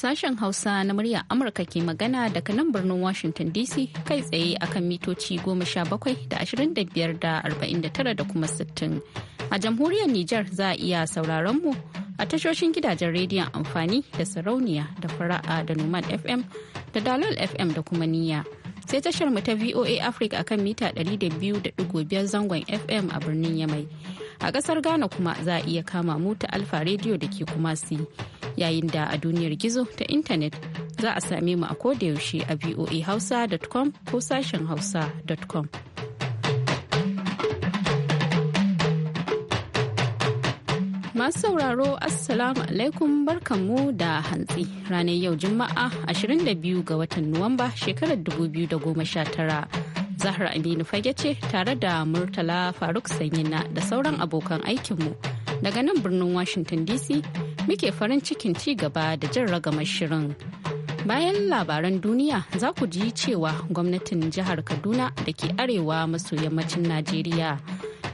Sashen Hausa na murya Amurka ke magana daga nan birnin Washington DC kai tsaye akan mitoci 17 da 25 da 49 da kuma 60. A jamhuriyar Nijar za a iya sauraron mu a tashoshin gidajen rediyon amfani da sarauniya da fara'a da Numan FM da Dalol FM da kuma niyya. sai tashar mu ta VOA Africa akan mita 200.5 zangon FM a birnin Yamai. A ƙasar Ghana kuma za a iya kama mu ta Alfa Radio da ke kuma si yayin da a duniyar gizo ta intanet za a same mu a kodayaushe a voahausa.com ko sashen hausa.com. Masu sauraro Assalamu alaikum barkanmu da hantsi ranar yau Juma'a 22 ga watan Nuwamba shekarar 2019. Zahra Aminu fage ce tare da Murtala Faruk Sanyina da sauran abokan aikinmu daga nan birnin Washington DC muke farin cikin ci gaba da jin ragamar shirin. Bayan labaran duniya za ku ji cewa gwamnatin jihar Kaduna da ke arewa maso yammacin Najeriya.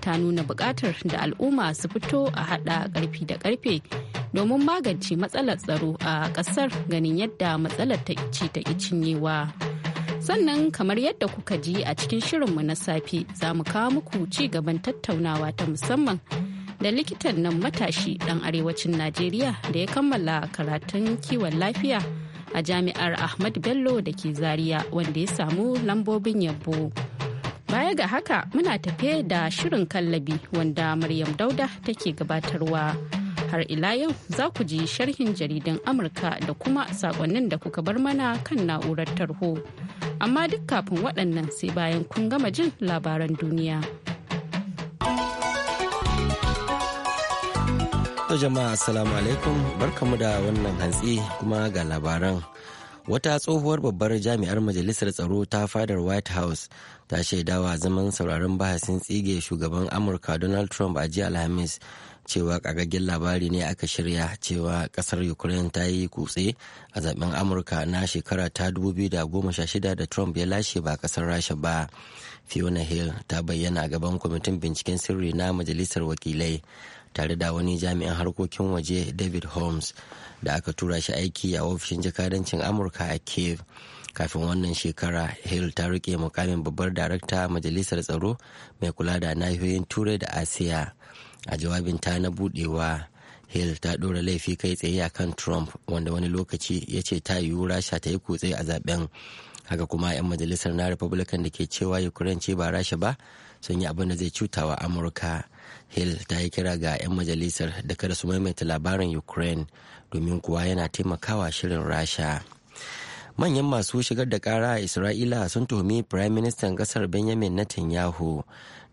ta nuna buƙatar da al'umma su fito a haɗa ƙarfi da ƙarfe domin magance matsalar tsaro a ƙasar ganin yadda matsalar ta ce ta cinyewa. sannan kamar yadda kuka ji a cikin shirinmu na safe za mu kawo muku ci gaban tattaunawa ta musamman da likitan nan matashi ɗan arewacin najeriya da ya kammala karatun kiwon lafiya a jami'ar ahmad bello da ke zaria wanda ya samu lambobin yabo. Baya ga haka muna tafe da shirin kallabi wanda Maryam Dauda take gabatarwa. Har ila yau za ku ji sharhin jaridan Amurka da kuma sakonnin da kuka bar mana kan na'urar tarho. Amma duk kafin waɗannan sai bayan kun gama jin labaran duniya. jama'a assalamu alaikum barkamu da wannan hantsi kuma ga labaran wata tsohuwar babbar jami'ar majalisar tsaro ta fadar white house ta shaidawa zaman sauraron bahasin tsige shugaban amurka donald trump a jiya alhamis cewa kagaggen labari ne aka shirya cewa kasar ukraine ta yi kutse a zaben amurka na shekara ta 2016 da trump ya lashe ba kasar rasha ba fiona hill ta bayyana gaban kwamitin binciken sirri na majalisar wakilai tare da wani jami'in harkokin waje david holmes da aka tura shi aiki a ofishin jakadancin amurka a cave kafin wannan shekara hill ta rike mukamin babbar darakta majalisar tsaro mai kula da nahiyoyin turai da asiya a jawabin ta na budewa hill ta ɗora laifi kai tsaye a kan trump wanda wani lokaci ya ce ta yiwu rasha ta yi kutse a zaben haka kuma 'yan majalisar na republican da ke cewa ukraine ce ba rasha ba sun yi abin da zai cutawa amurka hill ta yi kira ga 'yan majalisar da kada su maimaita labarin ukraine domin kuwa yana taimakawa shirin rasha manyan masu shigar da kara a isra'ila sun tuhumi prime minister kasar benjamin netanyahu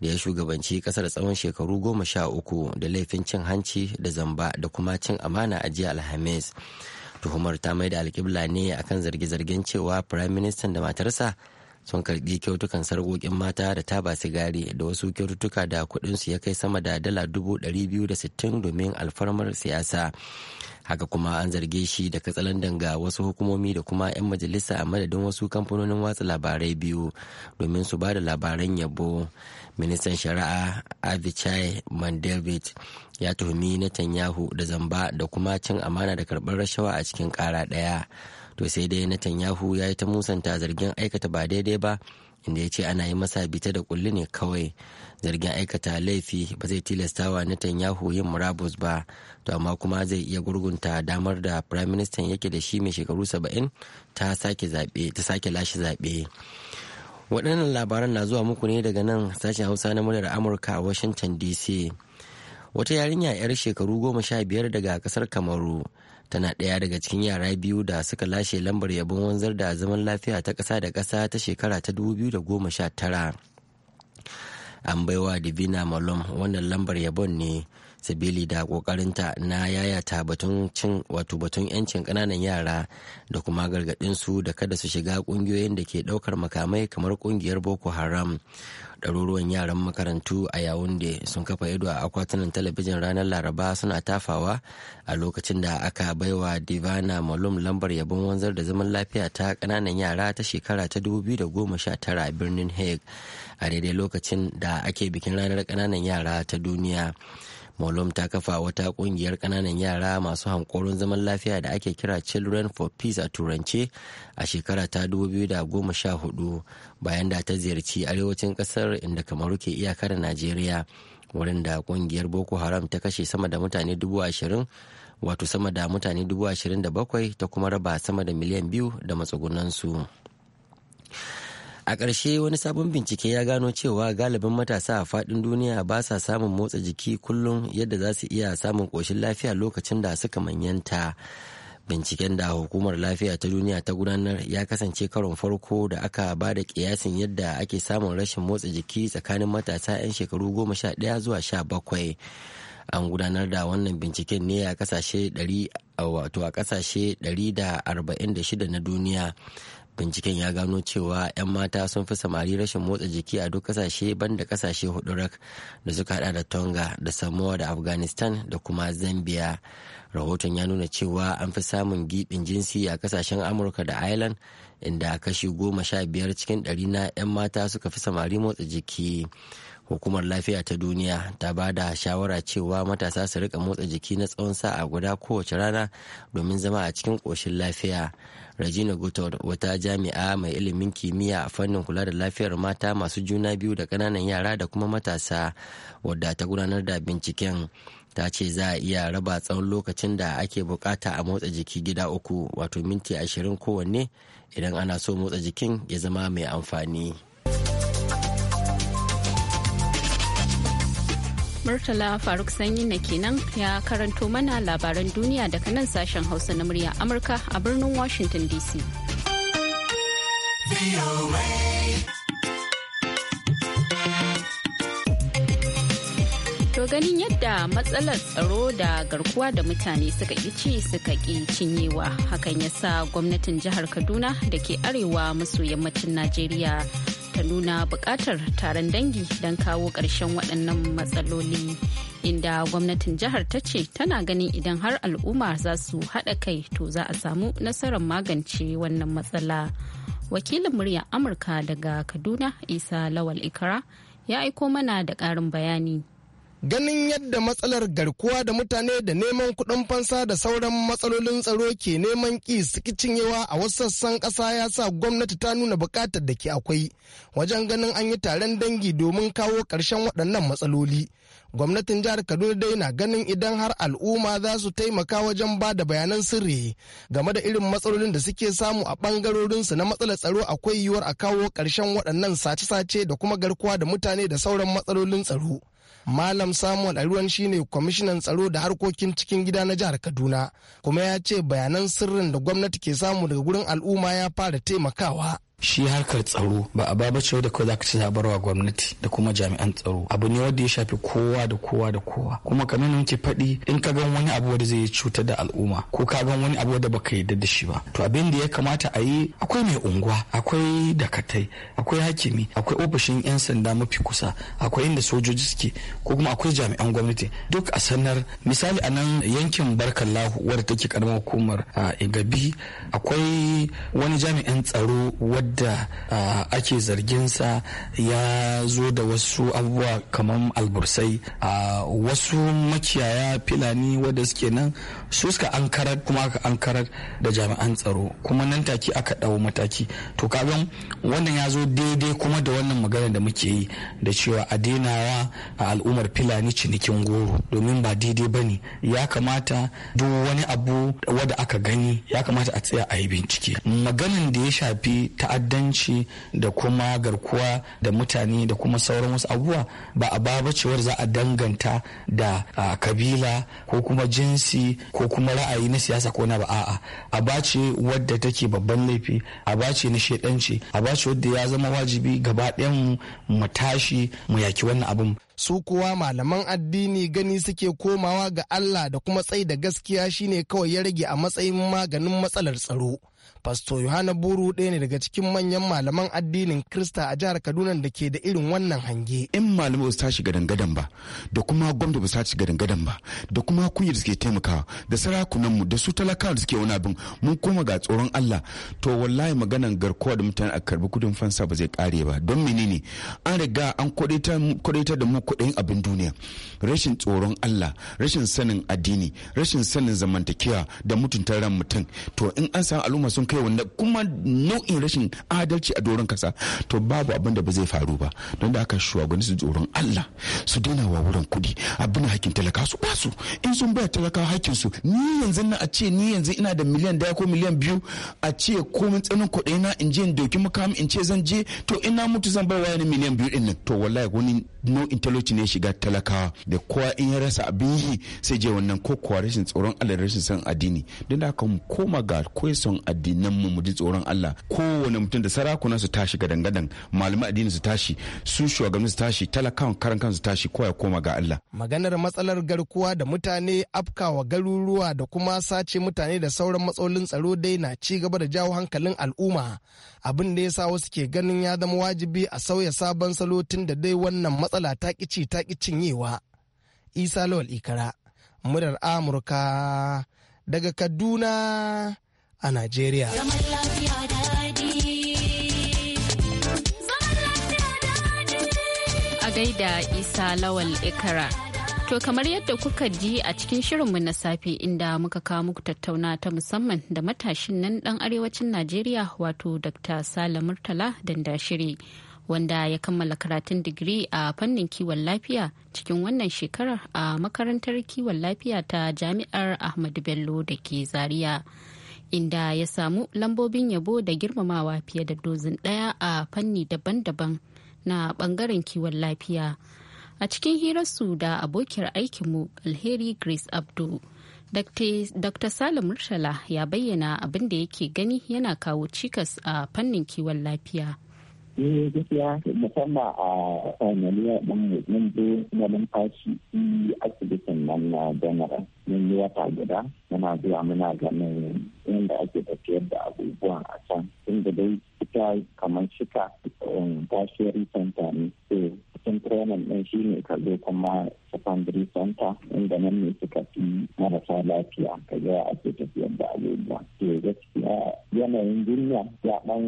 da ya shugabanci kasar tsawon shekaru goma sha uku da laifin cin hanci da zamba da kuma cin amana a jiya alhamis tuhumar ta mai da alkibla ne akan zarge-zargen cewa prime minister da matarsa sun karbi kyautukan sarƙoƙin mata da taba sigari da wasu kyaututtuka da kuɗinsu ya kai sama da dala dubu ɗari biyu da sittin domin alfarmar siyasa haka kuma an zarge shi da katsalandan ga wasu hukumomi da kuma 'yan majalisa a madadin wasu kamfanonin watsa labarai biyu domin su ba da labaran yabo ministan shari'a avichai mandelbit ya tuhumi netanyahu da zamba da kuma cin amana da karbar rashawa a cikin kara ɗaya to sai dai Netanyahu ya yi ta musanta zargin aikata ba daidai ba inda ya ce ana yi masa bita da kulli ne kawai zargin aikata laifi ba zai tilasta wa Netanyahu yin murabus ba to amma kuma zai iya gurgunta damar da prime minister yake da shi mai shekaru saba'in ta sake ta sake lashe zaɓe waɗannan labaran na zuwa muku ne daga nan sashen hausa na muryar amurka a washington dc wata yarinya 'yar shekaru goma sha biyar daga ƙasar kamaru tana ɗaya daga cikin yara biyu da suka lashe lambar yabon wanzar da zaman lafiya ta ƙasa da ƙasa ta shekara ta 2019 an baiwa divina malom wannan lambar yabon ne sabili da kokarinta na yayata batun cin wato batun yancin kananan yara da kuma gargaɗin su da kada su shiga kungiyoyin da ke daukar makamai kamar kungiyar boko haram ɗaruruwan yaran makarantu a yawunde sun kafa ido a akwatunan talabijin ranar laraba suna tafawa a lokacin da aka baiwa divana malum lambar yabon wanzar da zaman lafiya ta kananan yara ta shekara ta 2019 a birnin hague a daidai lokacin da ake bikin ranar kananan yara ta duniya. Molum ta kafa wata kungiyar ƙananan yara masu hankoron zaman lafiya da ake kira Children for Peace a Turance a shekara ta 2014 bayan da ta ziyarci arewacin ƙasar inda kamaru ke iyakar da Najeriya wurin da kungiyar Boko Haram ta kashe sama da mutane dubu wato sama da mutane dubu da bakwai ta kuma raba sama da miliyan biyu da matsugunansu. a ƙarshe wani sabon bincike ya gano cewa galibin matasa a faɗin duniya ba sa samun motsa jiki kullum yadda za su iya samun ƙoshin lafiya lokacin da suka manyanta binciken da hukumar lafiya ta duniya ta gudanar ya kasance karon farko da aka ba da kiyasin yadda ake samun rashin motsa jiki tsakanin matasa 'yan shekaru goma sha ɗaya zuwa sha bakwai an gudanar da wannan binciken ne a kasashe 146 na duniya binciken ya gano cewa 'yan mata sun fi samari rashin motsa jiki a duk kasashe banda ƙasashe hudu rak da suka hada da tonga da samoa da afghanistan da kuma zambia rahoton ya nuna cewa an fi samun gibin jinsi a ƙasashen amurka da ireland inda kashi goma sha biyar cikin ɗari na 'yan mata suka fi samari motsa jiki hukumar lafiya ta duniya ta ba da shawara cewa matasa su rika motsa jiki na tsawon sa'a guda kowace rana domin zama a cikin ƙoshin lafiya Regina Gutor wata jami'a mai ilimin kimiyya a fannin kula da lafiyar mata masu juna biyu da ƙananan yara da kuma matasa wadda ta gudanar da binciken ta ce za a iya raba tsawon lokacin da ake bukata a motsa jiki gida uku wato minti ashirin kowanne idan ana so motsa jikin ya zama mai amfani. Murtala Faruk Sanyi na kenan ya karanto mana labaran duniya daga nan sashen Hausa na murya Amurka a birnin Washington DC. To ganin yadda matsalar tsaro da garkuwa da mutane suka ƙi ci suka ƙi cinyewa hakan ya sa gwamnatin jihar Kaduna da ke arewa maso yammacin Najeriya ta nuna bukatar taron dangi don kawo ƙarshen waɗannan matsaloli inda gwamnatin jihar ta ce tana ganin idan har al'umma za su haɗa kai to za a samu nasarar magance wannan matsala wakilin muryar amurka daga kaduna isa lawal ikara ya aiko mana da ƙarin bayani ganin yadda matsalar garkuwa da mutane da neman kuɗin fansa da sauran matsalolin tsaro ke neman ƙi suki cinyewa a wasu sassan ƙasa ya sa gwamnati ta nuna buƙatar da ke akwai wajen ganin an yi taron dangi domin kawo ƙarshen waɗannan matsaloli gwamnatin jihar kaduna dai na ganin idan har al'umma za su taimaka wajen ba da bayanan sirri game da irin matsalolin da suke samu a ɓangarorinsu na matsalar tsaro akwai yiwuwar a kawo ƙarshen waɗannan sace-sace da kuma garkuwa da mutane da sauran matsalolin tsaro malam samuel aruwan shine kwamishinan tsaro da harkokin cikin gida na jihar kaduna kuma ya ce bayanan sirrin da gwamnati ke samu daga gurin al'umma ya fara taimakawa shi harkar tsaro ba a baba ce da kawai ka ci zabarwa gwamnati da kuma jami'an tsaro abu ne wanda ya shafi kowa da kowa da kowa kuma kamar yadda muke faɗi in ka gan wani abu wanda zai yi cutar da al'umma ko ka gan wani abu wanda baka yarda da shi ba to abin da ya kamata a yi akwai mai unguwa akwai dakatai akwai hakimi akwai ofishin yan sanda mafi kusa akwai inda sojoji suke ko kuma akwai jami'an gwamnati duk a sanar misali a nan yankin barkan lahu wadda take karamar hukumar ah, igabi akwai wani jami'an tsaro wadda yadda ake zarginsa ya zo da wasu abubuwa kamar albursai wasu makiyaya filani wadda suke nan su suka ankarar kuma aka ankarar da jami'an tsaro kuma nan take aka ɗau mataki to kagan wannan ya zo daidai kuma da wannan magana da muke yi da cewa a dainawa a al'ummar filani cinikin goro domin ba daidai ba ne ya kamata duk wani abu wadda aka gani ya kamata a tsaya a yi bincike maganin da ya shafi ta'ad ta'addanci da kuma garkuwa da mutane da kuma sauran wasu abubuwa ba a ba cewar za a danganta da kabila ko kuma jinsi ko kuma ra'ayi na siyasa ko na ba a'a a bace wadda take babban laifi a bace na shaidanci a bace wadda ya zama wajibi gaba mu tashi mu yaki wannan abin su kuwa malaman addini gani suke komawa ga Allah da kuma tsayi da gaskiya shine kawai ya rage a matsayin maganin matsalar tsaro Pasto Yohana Buru ɗaya ne daga cikin manyan malaman addinin Krista a jihar Kaduna da ke da irin wannan hange. In malamai ba su tashi gadan ba, da kuma gwamnati ba su tashi gadan ba, da kuma kungiyar da suke taimakawa, da sarakunanmu, da su talakawa da suke wani abin mun koma ga tsoron Allah. To wallahi maganan garkuwa da mutane a karbi kudin fansa ba zai kare ba. Don menene? An riga an kwadaitar da mu kuɗin abin duniya. Rashin tsoron Allah, rashin sanin addini, rashin sanin zamantakewa da mutunta ran mutum. To in an samu al'umma sun kai wanda kuma nau'in rashin adalci a doron kasa to babu abin da ba zai faru ba don da aka shugabanni su tsoron Allah su daina wa wurin kudi abin hakkin talaka su ba in sun baya talaka hakkin su ni yanzu na a ce ni yanzu ina da miliyan daya ko miliyan biyu a ce komin tsanin kuɗi na in je in doki makami in ce zan je to ina mutu zan bai wani miliyan biyu din nan to wallahi wani nau'in talauci ne shiga talakawa da kowa in ya rasa abin yi sai je wannan ko kuwa rashin tsoron Allah rashin san addini don da haka mu koma ga son addinan mu mu tsoron Allah kowane mutum da sarakuna su tashi ga dangadan malaman addini su tashi su shugabanni su tashi talakawan karan kansu tashi kowa ya koma ga Allah maganar matsalar garkuwa da mutane afkawa garuruwa da kuma sace mutane da sauran matsalolin tsaro dai na ci gaba da jawo hankalin al'umma abin da sa wasu ke ganin ya zama wajibi a sauya sabon salo tun da dai wannan matsala ta ƙici ta ƙi cinyewa isa lawal ikara murar amurka daga kaduna a najeriya a gaida isa lawal ikara To kamar yadda kuka ji a cikin shirinmu na safe inda muka kawo muku tattauna ta musamman da matashin nan dan arewacin Najeriya wato Dr. Sale Murtala danda shiri wanda ya kammala karatun digiri a fannin kiwon lafiya cikin wannan shekarar a makarantar kiwon lafiya ta jami'ar ahmadu bello da ke zaria inda ya samu lambobin yabo da girmamawa fiye da dozin daya a fanni daban-daban na bangaren kiwon lafiya a cikin hirarsu da abokiyar aikinmu alheri grace abdu dr salim murtala ya bayyana abin da yake gani yana kawo cikas a fannin kiwon lafiya eh gaskiya musamman a sanariyar ɗan mun je na numfashi asibitin nan na janara min yi wata guda muna zuwa muna ganin inda ake tafiyar da abubuwan a can inda dai ita kamar shika um, ta sheri center ne problem ɗin shi ne ka kuma secondary center inda nan ne suka fi marasa lafiya ka ga ake tafiyar da abubuwa to gaskiya yanayin duniya ya ɗan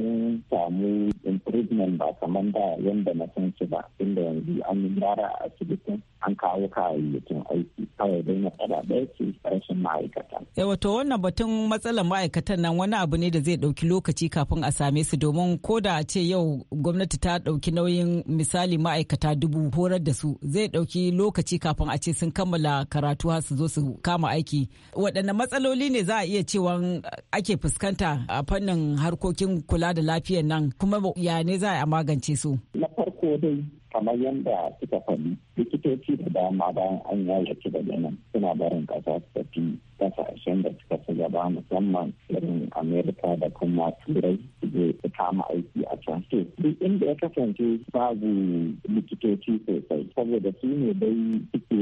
samu improvement ba kamar da yadda na san shi ba inda yanzu an yi gyara a asibitin an kawo kayayyakin aiki kawai dai matsala ɗaya ce rashin ma'aikata. yawa to wannan batun matsalar ma'aikatan nan wani abu ne da zai ɗauki lokaci kafin a same su domin ko da a ce yau gwamnati ta ɗauki nauyin misali ma'aikata dubu babu horar da su zai ɗauki lokaci kafin a ce sun kammala karatu har su zo su kama aiki waɗanne matsaloli ne za a iya cewa ake fuskanta a fannin harkokin kula da lafiyar nan kuma ya ne za a magance su na farko dai kamar yadda suka faɗi likitoci da dama bayan an yayyaki da nan suna barin ƙasa su tafi kasashen da suka ci gaba musamman irin amerika da kuma turai su je su kama aiki duk inda ya kasance babu likitoci sosai saboda su ne dai suke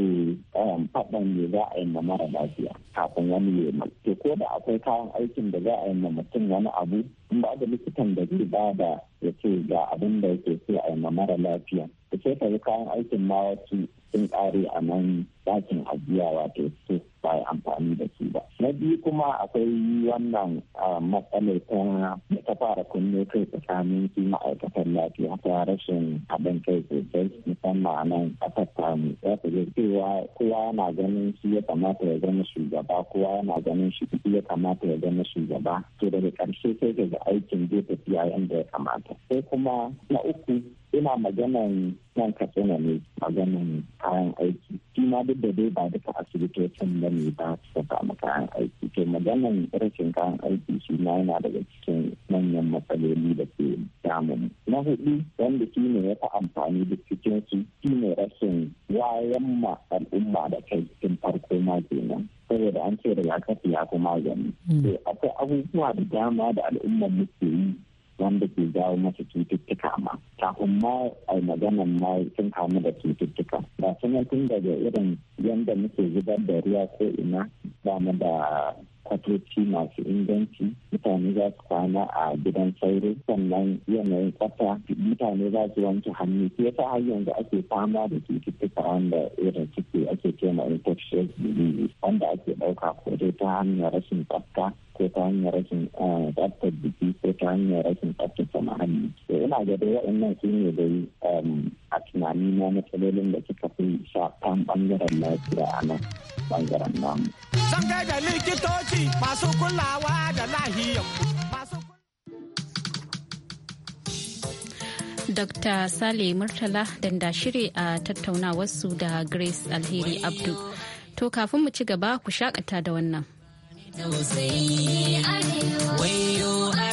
um, faɗan ne za a yi na mara lafiya kafin wani ya yi to ko da akwai kayan aikin da za a yi na mutum wani abu in ba da likitan da zai ba da ya ce ga abin da yake so a yi na mara lafiya da sai ka kayan aikin ma wasu sun ƙare a nan ɗakin ajiya wato su ba amfani da su ba na biyu kuma akwai wannan matsalar ta ta fara kunne kai tsakanin su ma'aikatan lafiya ta rashin haɗin kai sosai musamman a nan ƙasar tamu za ku ga cewa kowa yana ganin shi ya kamata ya zama shugaba kowa yana ganin shi ya kamata ya zama shugaba to daga ƙarshe sai ka ga aikin zai tafiya yadda ya kamata sai kuma na uku ina maganan nan katsina ne maganan kayan aiki shi duk da dai ba duka asibitocin da ne ba su kayan aiki to maganan rashin kayan aiki shi ma yana daga cikin manyan matsaloli da ke damun na hudu wanda shi ne ya fi amfani da cikin su shi ne rashin wayan ma al'umma da kai cikin farko ma kenan saboda an ce rigakafi ya fi magani hmm. to akwai abubuwa da dama da al'ummar muke yi wanda ke jawo masa cututtuka ma kafin ma a maganan ma sun kamu da cututtuka ba sanatun daga irin yadda muke zubar da ruwa ko ina ba mu da kwatoci masu inganci mutane za su kwana a gidan sauro sannan yanayin tsafta mutane za su wanke hannu shi yasa har yanzu ake fama da cututtuka wanda irin suke ake kema infectious disease wanda ake ɗauka ko dai ta hanyar rashin tsafta ko ta hanyar rashin eh, tsaftar jiki ko ta hanyar rashin tsaftace muhalli to ina ga dai waɗannan su ne dai a tunani na matsalolin da suka fi shafan ɓangaren lafiya a nan. bangaren da likitoci masu kulawa da lahiyar. Dr. Sale Murtala danda shiri a tattaunawarsu da Grace Alheri Abdu. To kafin mu ci gaba ku shakata da wannan.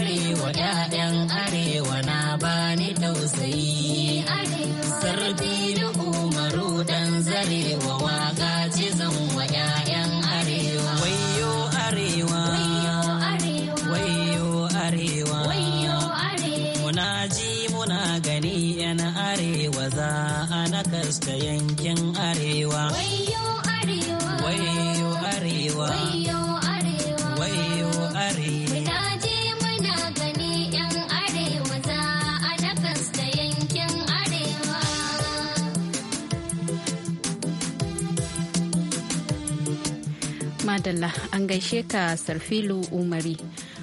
arewa gabas da yankin arewa. Wayo arewa. Wayo arewa. je muna gani yan arewa za a yankin arewa. Madalla an gaishe ka Sarfilu Umari.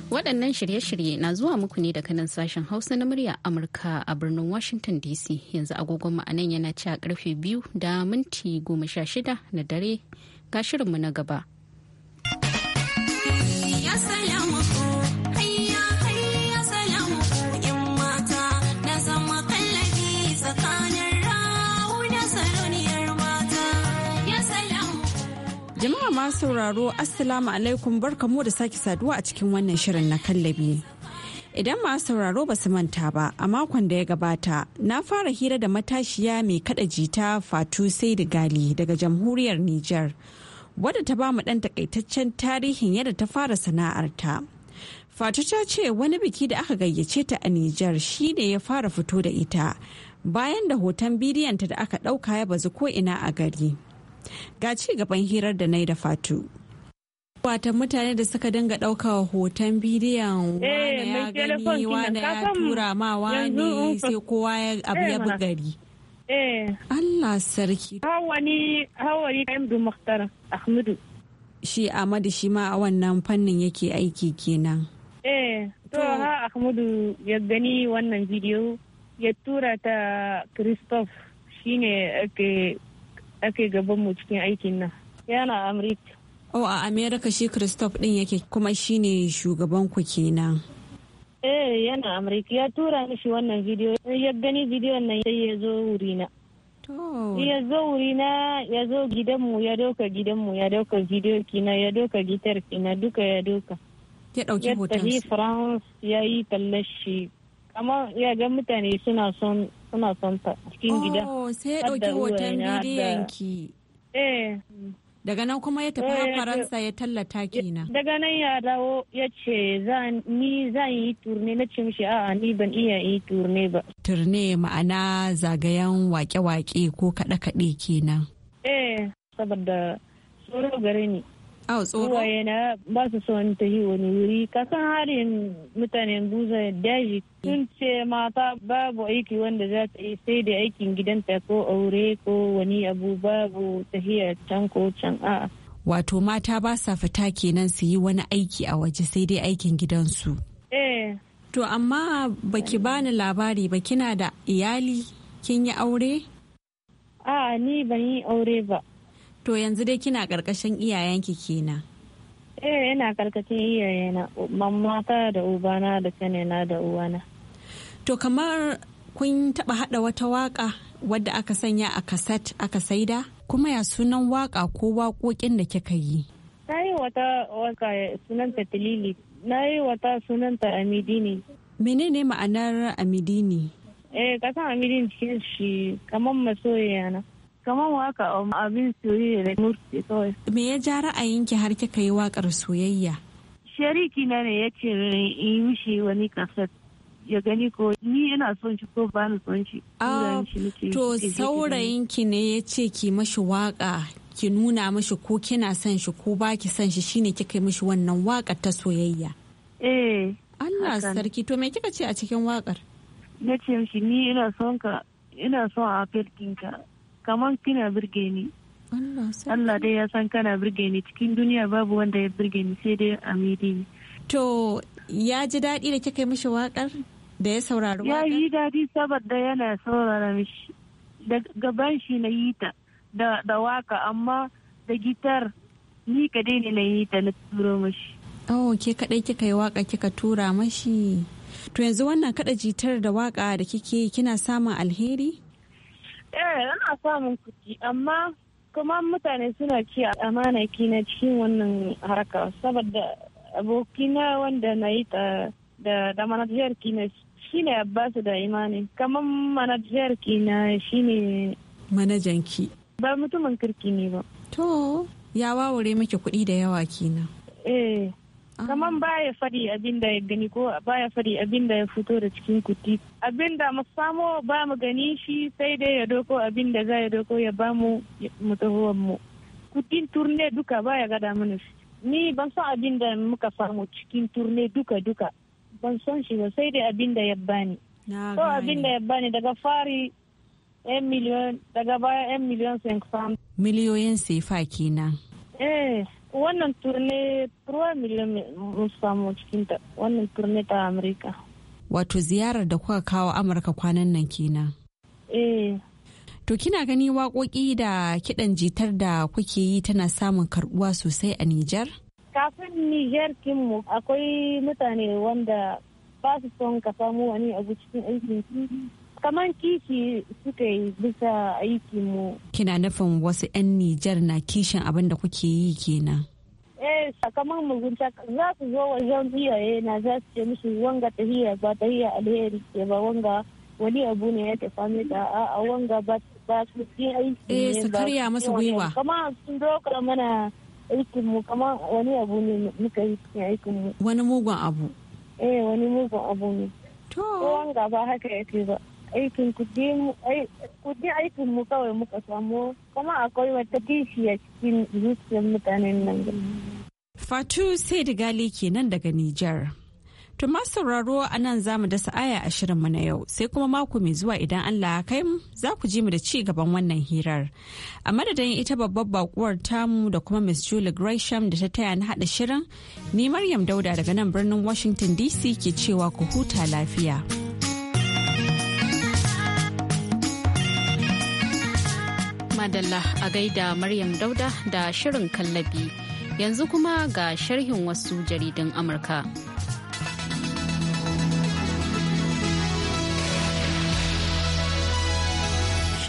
Waɗannan shirye-shirye na zuwa muku ne daga nan sashen Hausa na murya Amurka a birnin Washington DC yanzu agogon ma'anan yana ci a karfe biyu da minti goma sha shida na dare ga shirinmu na gaba. Jama'a ma sauraro Assalamu alaikum barkamu da sake saduwa a cikin wannan shirin na kallabi. Idan masu sauraro ba su manta ba a makon da ya gabata na fara hira da matashiya mai kada jita Fatu Saidu Gali daga jamhuriyar Nijar wadda ta ba mu dan takaitaccen tarihin yadda ta fara sana'arta. Fatu ta ce wani biki da aka gayyace ta a Nijar shi ne ya fara fito da ita bayan da hoton bidiyonta da aka ɗauka ya bazu ko ina a gari. Ga ci gaban hirar da na yi da fatu. watan mutane da suka dinga ɗauka hoton bidiyon wane eh, ya gani wane ya tura ma wane uh, sai kowa ya eh, abu ya bi gari. Eh. Allah sarki. Hawani hawani Ahmadu Mukhtar Ahmadu. Shi Ahmadu shi ma a wannan fannin yake aiki kenan. Eh, to ha Ahmadu ya gani wannan bidiyo ya tura ta Christophe shine ke aka yi gaban mu cikin aikin nan yana amurka oh a america shi christoph din yake kuma shine shugaban ku kenan eh yana amurka ya tura mishi wannan video ya gani video nan sai ya zo wurina ya zo wurina ya zo gidanmu ya doka gidanmu ya doka video kina ya doka gitar kina duka ya doka ya dauki hoton ya yi tallashi amma ga mutane suna son suna son ta cikin oh, gida oh sai ya dauki hoton bidiyon ki eh daga nan kuma ya tafi eh, faransa ya tallata kina daga nan ya dawo ya ce ni zan yi turne na ce mishi a'a ni ban iya yi turne ba turne ma'ana zagayen wake-wake ko kaɗe-kaɗe kenan eh saboda tsoro gare ni Awa tsoro? na ba su son ta yi wani wuri. Kasan harin mutanen buza daji sun ce mata babu aiki wanda za ta yi sai da aikin gidanta ko aure ko wani abu babu tahiya can ko can a Wato mata ba sa fita kenan su yi wani aiki a waje sai dai aikin gidansu. Eh. To amma baki bani labari ba kina da iyali kin yi aure? A'a ni ban yi aure ba. To yanzu dai kina ƙarƙashin iyayenki kenan. Eh yana ƙarƙashin iyayena, ta da ubana da na da uwana. To kamar kun taɓa haɗa wata waƙa wadda aka sanya a kaset aka saida? Kuma ya sunan waƙa ko waƙoƙin da kika yi? Na yi wata waƙa sunanta Tilili, na yi wata sunanta Amidini. ne ma'anar Amidini? Eh, kasan Amidini cikin shi kamar masoyiya na. kamar waka um, abin soyayya da murci kawai me ya ja ra'ayinki har kika yi wakar soyayya shariki na ne ya ce in yi mishi wani kaset ya gani ko ni ina son shi ko ba ni son shi ah, to saurayinki ne ya ce ki mashi waka ki nuna mashi ko kina son shi ko ba ki son shi shine kika yi mashi wannan waka ta soyayya eh Allah sarki to me kika ce a cikin wakar na ce mishi ni ina son ka ina son a firkinka kamar kina birge ni Allah dai ya san kana birge ni cikin duniya babu wanda ya birge ni sai dai amidi to ya ji daɗi da kika yi mishi waƙar da ya saurari waƙar ya yi daɗi saboda yana saurara mishi da gaban shi na yi ta da waka amma da gitar ni kadai ne na yi ta na turo mashi oh ke kadai kika yi waka kika tura mashi to yanzu wannan kada jitar da waka da kike kina samun alheri eh ana samun kuɗi amma kuma mutane suna ci amana ki na cikin wannan harka saboda abokina wanda na yi ta da da manajer ki na shine Abbasu da Imani kamar manajer ki na shine manajan ki ba mutumin kirki ne ba to ya wawure miki kuɗi da yawa kina eh Ah. ba ya fadi abin da ya gani ko ba ya fadi abin da ya fito da cikin kuti abin da mu samo ba mu gani shi sai dai ya doko abin da za ya doko ya ba mu mu taho mu kutin turne duka ba ya gada mana shi ni ban san abin da muka samu cikin turne duka duka ban san shi ba sai dai abin da ya bani ko abin da ya bani daga fari 'yan miliyon daga baya 'yan miliyon 500 miliyoyin fa kenan eh wannan turne ruwa miliyan samu cikinta wannan turne ta amurka wato ziyarar da kuka kawo amurka kwanan nan kenan eh to kina gani waƙoƙi da kiɗan jitar da kuke yi tana samun karɓuwa sosai a nijar kafin nijar kinmu akwai mutane wanda ba su son ka samu wani abu cikin aikin kamar kishi suka yi bisa aiki mu. Kina nufin wasu 'yan Nijar na kishin abin da kuke yi kenan. Eh, kamar mugunta za su zo wajen iyaye na za su ce musu wanga tahiya ba tahiya alheri ce ba wanga wani abu ne ya tafa da a wanga ba su yi aiki eh, ne ba. Eh, su karya musu gwiwa. Kamar sun doka mana aikin mu kamar wani abu ne muka yi aikin mu. Wani mugun abu. Eh, wani mugun abu ne. To. Ko wanga ba haka yake ba. aikin kudi aikin mu kawai muka samu kuma akwai wata kishi a cikin zuciyar mutanen nan fatu sai da gali kenan daga nijar To masu sauraro a nan za mu dasa aya a shirin mu na yau sai kuma mako mai zuwa idan Allah ya kai mu za ku ji mu da ci gaban wannan hirar. A madadin ita babbar bakuwar tamu da kuma Miss Julie Gresham da ta taya na haɗa shirin, ni Maryam Dauda daga nan birnin Washington DC ke cewa ku huta lafiya. Adalla a gaida Maryam Dauda da Shirin Kallabi. Yanzu kuma ga sharhin wasu jaridun Amurka.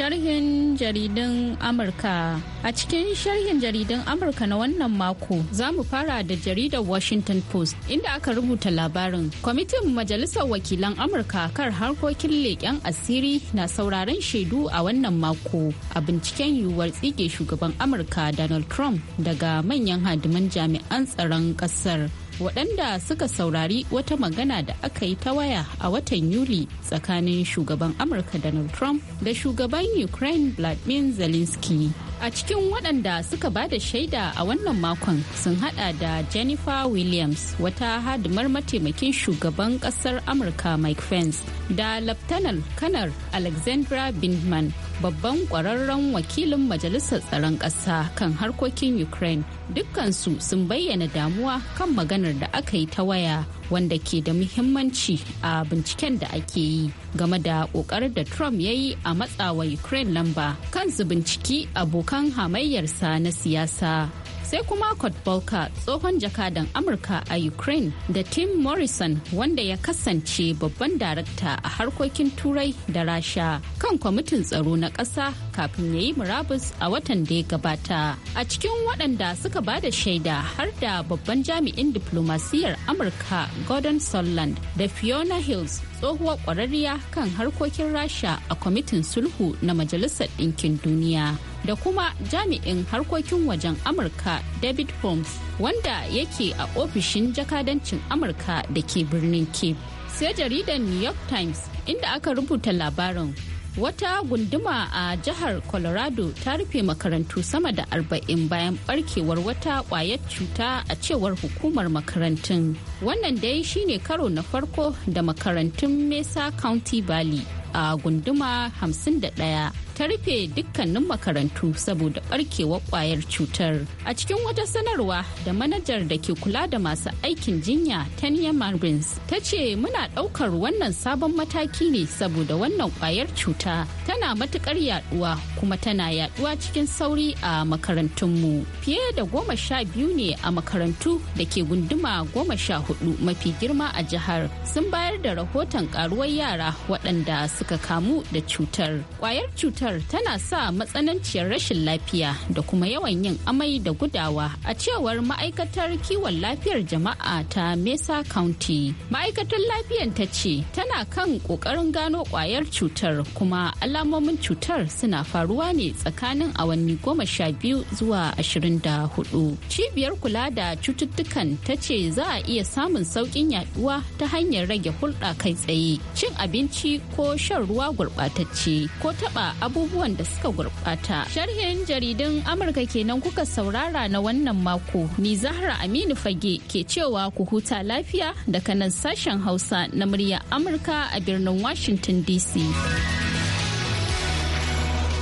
sharhin jaridan Amurka. A cikin sharhin jaridan Amurka na wannan mako za mu fara da jaridar Washington Post inda aka rubuta labarin. Kwamitin Majalisar Wakilan Amurka kar harkokin leƙen asiri na sauraron shaidu a wannan mako a binciken yiwuwar tsige shugaban Amurka Donald Trump daga manyan hadiman jami'an tsaron ƙasar. waɗanda suka saurari wata magana da aka yi ta waya a watan yuli tsakanin shugaban amurka donald trump da shugaban ukraine vladimir zelensky A cikin waɗanda suka ba da shaida a wannan makon sun haɗa da Jennifer Williams wata hadimar mataimakin shugaban ƙasar Amurka Mike Pence da Laftanar Kanar Alexandra Bindman babban ƙwararren wakilin Majalisar Tsaron Ƙasa kan harkokin Ukraine dukkansu sun bayyana damuwa kan maganar da aka yi ta waya. wanda ke da muhimmanci a binciken da ake yi game da kokarin da trump ya yi a matsawa ukraine lamba kansu binciki abokan hamayyarsa na siyasa sai kuma Kurt Volker tsohon jakadan Amurka a Ukraine da Tim Morrison wanda ya kasance babban darakta a harkokin Turai da Rasha kan kwamitin tsaro na ƙasa kafin ya yi murabus a watan da ya gabata. A cikin waɗanda suka ba da shaida har da babban jami'in diplomasiyyar Amurka Gordon Sondland da Fiona Hills tsohuwar kwararriya kan harkokin rasha a kwamitin sulhu na majalisar ɗinkin duniya da kuma jami'in harkokin wajen amurka david holmes wanda yake a ofishin jakadancin amurka da ke birnin cape sai jaridar new york times inda aka rubuta labarin wata gunduma a jihar colorado ta rufe makarantu sama da arba'in bayan barkewar wata kwayar cuta a cewar hukumar makarantun wannan dai shine karo na farko da makarantun mesa county valley a gunduma 51 ta rufe dukkanin makarantu saboda barkewar kwayar cutar a cikin wata sanarwa da manajar da ke kula da masu aikin jinya tanya marbins ta ce muna daukar wannan sabon mataki ne saboda wannan kwayar cuta tana matukar yaduwa kuma tana yaduwa cikin sauri a makarantunmu fiye da goma sha biyu ne a makarantu da ke gunduma goma sha hudu mafi girma a jihar sun bayar da rahoton karuwar yara waɗanda suka kamu da cutar kwayar cutar cutar tana sa matsananciyar rashin lafiya da kuma yawan yin amai da gudawa a cewar ma'aikatar kiwon lafiyar jama'a ta mesa county ma'aikatar lafiyan ta ce tana kan ƙoƙarin gano kwayar cutar kuma alamomin cutar suna faruwa ne tsakanin awanni goma sha biyu zuwa ashirin da hudu cibiyar kula da cututtukan ta ce za a iya samun sauƙin yaduwa ta hanyar rage hulɗa kai tsaye cin abinci ko shan ruwa gurɓatacce ko taɓa abu abubuwan da suka gurɓata. Sharhin jaridun Amurka kenan kuka saurara na wannan mako. Ni Zahra Aminu Fage ke cewa ku huta lafiya daga nan sashen Hausa na murya Amurka a birnin Washington DC.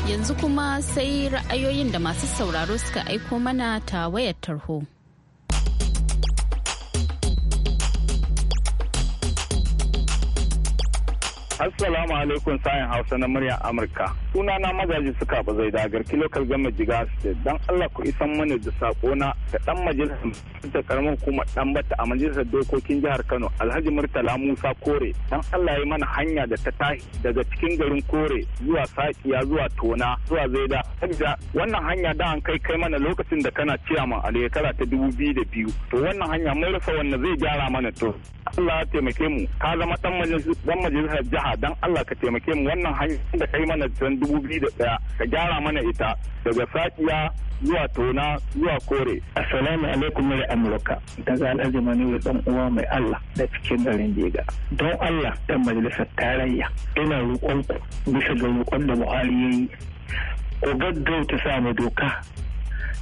Yanzu kuma sai ra'ayoyin da masu sauraro suka aiko mana ta wayar tarho. Assalamu alaikum sayin Hausa na murya Amurka. suna na mazaji suka ba zai dagar kilokal gama jiga state dan allah ku isan mana da sako na da dan majalisar ta karamar kuma dan bata a majalisar dokokin jihar kano alhaji murtala musa kore dan allah ya mana hanya da ta tahi daga cikin garin kore zuwa sakiya zuwa tona zuwa zaida hajja wannan hanya da an kai kai mana lokacin da kana ciyama a kala ta dubu biyu da biyu to wannan hanya mun rufe wannan zai gyara mana to Allah ya taimake mu ka zama dan majalisar jiha dan Allah ka taimake mu wannan hanya da kai mana dubu biyu da ɗaya ka gyara mana ita daga sakiya zuwa tona zuwa kore. Assalamu alaikum mai Amurka daga Alhaji wa dan uwa mai Allah da cikin garin Jega. Don Allah dan majalisar tarayya ina roƙon ku bisa ga roƙon da Buhari yayi ku gaggauta samu doka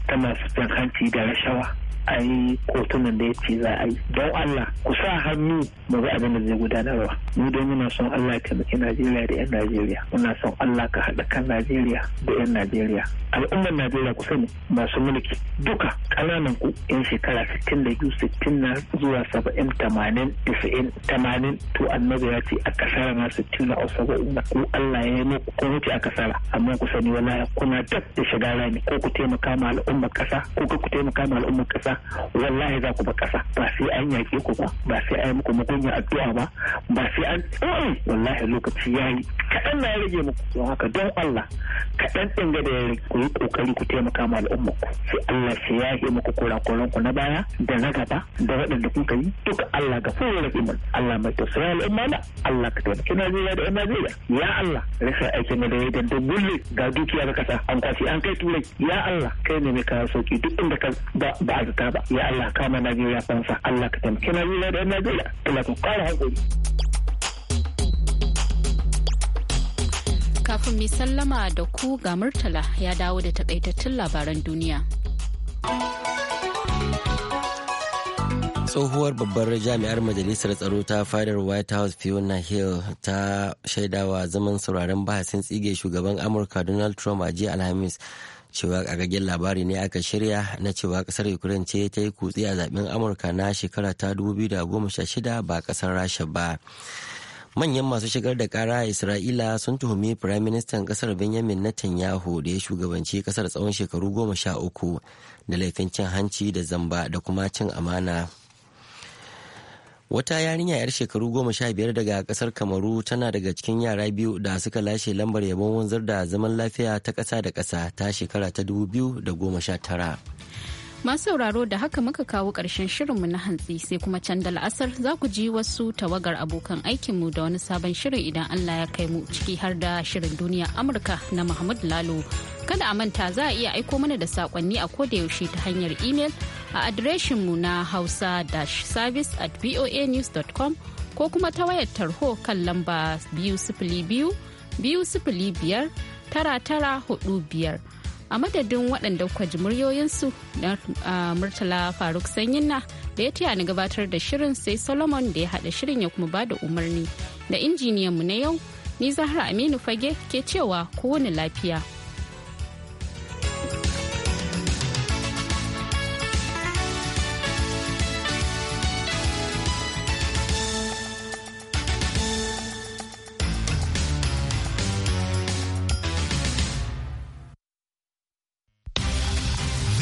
ta masu cin hanci da rashawa. a yi kotunan da ya ce za a yi don Allah ku sa hannu mu ga abin da zai gudanarwa mu don muna son Allah ya taimaki Najeriya da 'yan Najeriya muna son Allah ka haɗa kan Najeriya da 'yan Najeriya al'ummar najeriya ku sani masu mulki duka ƙananan ku yan shekara sittin da sittin na zuwa saba'in tamanin tisa'in tamanin to annabi ya ce a kasara na sittin na saba'in na ku allah ya yi muku ko wuce a kasara amma ku sani wallahi kuna dab da shiga rami ko ku taimaka ma al'ummar ƙasa ko ku taimaka ma al'ummar ƙasa wallahi za ku ba ƙasa ba sai an yaƙe ku ba ba sai an yi muku mugunya addu'a ba ba sai an wallahi lokaci ya yi kaɗan na ya rage muku don haka don allah kaɗan ɗin ga da ya rage yi kokari ku taimaka ma al'umma ku sai Allah sai ya yi muku kurakuran ku na baya da na gaba da waɗanda kuka yi duk Allah ga fara rage mun Allah mai tausaya al'umma na Allah ka taimaki Najeriya da yan Najeriya ya Allah rashin aikin da ya da gulle ga dukiya ga kasa an kwashi an kai turai ya Allah kai ne mai kawo sauki duk inda ka ba ba zata ba ya Allah kama Najeriya fansa Allah ka taimaki Najeriya da yan Najeriya Allah ku kara hankali. kafin mai sallama da ku ga murtala ya dawo da takaitattun labaran duniya. tsohuwar babbar jami'ar majalisar tsaro ta fadar white house fiona hill ta shaidawa zaman sauraron bahasin tsige shugaban amurka donald trump a jiya alhamis cewa kagagen labari ne aka shirya na cewa kasar ukraine ce ta yi kutse a zaben amurka na shekara ta 2016 ba kasar rasha ba manyan masu shigar da kara a isra'ila sun tuhumi firaministan kasar benjamin netanyahu da ya shugabanci kasar tsawon shekaru goma sha uku da laifin cin hanci da zamba da kuma cin amana wata yarinya yar shekaru goma sha biyar daga kasar kamaru tana daga cikin yara biyu da suka lashe lambar yabon wanzar da zaman lafiya ta kasa da kasa ta shekara ta dubu biyu da goma sha tara Masu sauraro da haka muka kawo ƙarshen shirinmu na hantsi sai kuma can da la'asar za ku ji wasu tawagar abokan aikinmu da wani sabon shirin idan Allah ya kai mu ciki har da shirin duniya Amurka na Muhammad Lalo. Kada a manta za a iya aiko mana da saƙonni a kodayaushe ta hanyar imel a adireshinmu na hausa servicevoanewscom at ko kuma ta wayar tarho kan lamba biyu biyu biyu sifili biyar tara a madadin waɗanda kwa ji muryoyinsu na murtala faruk sanyinna da ya taya na gabatar da shirin sai solomon da ya haɗa shirin ya kuma bada umarni da injiniyanmu na yau ni zahra aminu fage ke cewa kowane lafiya.